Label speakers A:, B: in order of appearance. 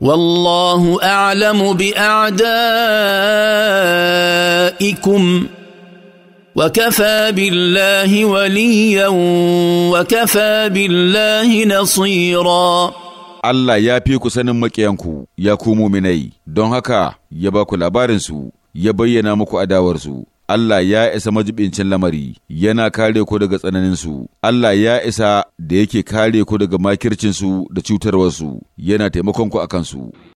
A: والله اعلم باعدائكم وكفى بالله وليا
B: وكفى بالله نصيرا Allah ya fi ku sanin
C: maƙiyanku ya ku muminai, don haka ya ba ku labarinsu, ya bayyana muku adawarsu. Allah ya isa majibincin lamari, yana kare ku daga tsananinsu, Allah
D: ya isa da yake kare ku daga makircinsu da cutarwarsu, yana taimakon ku a kansu.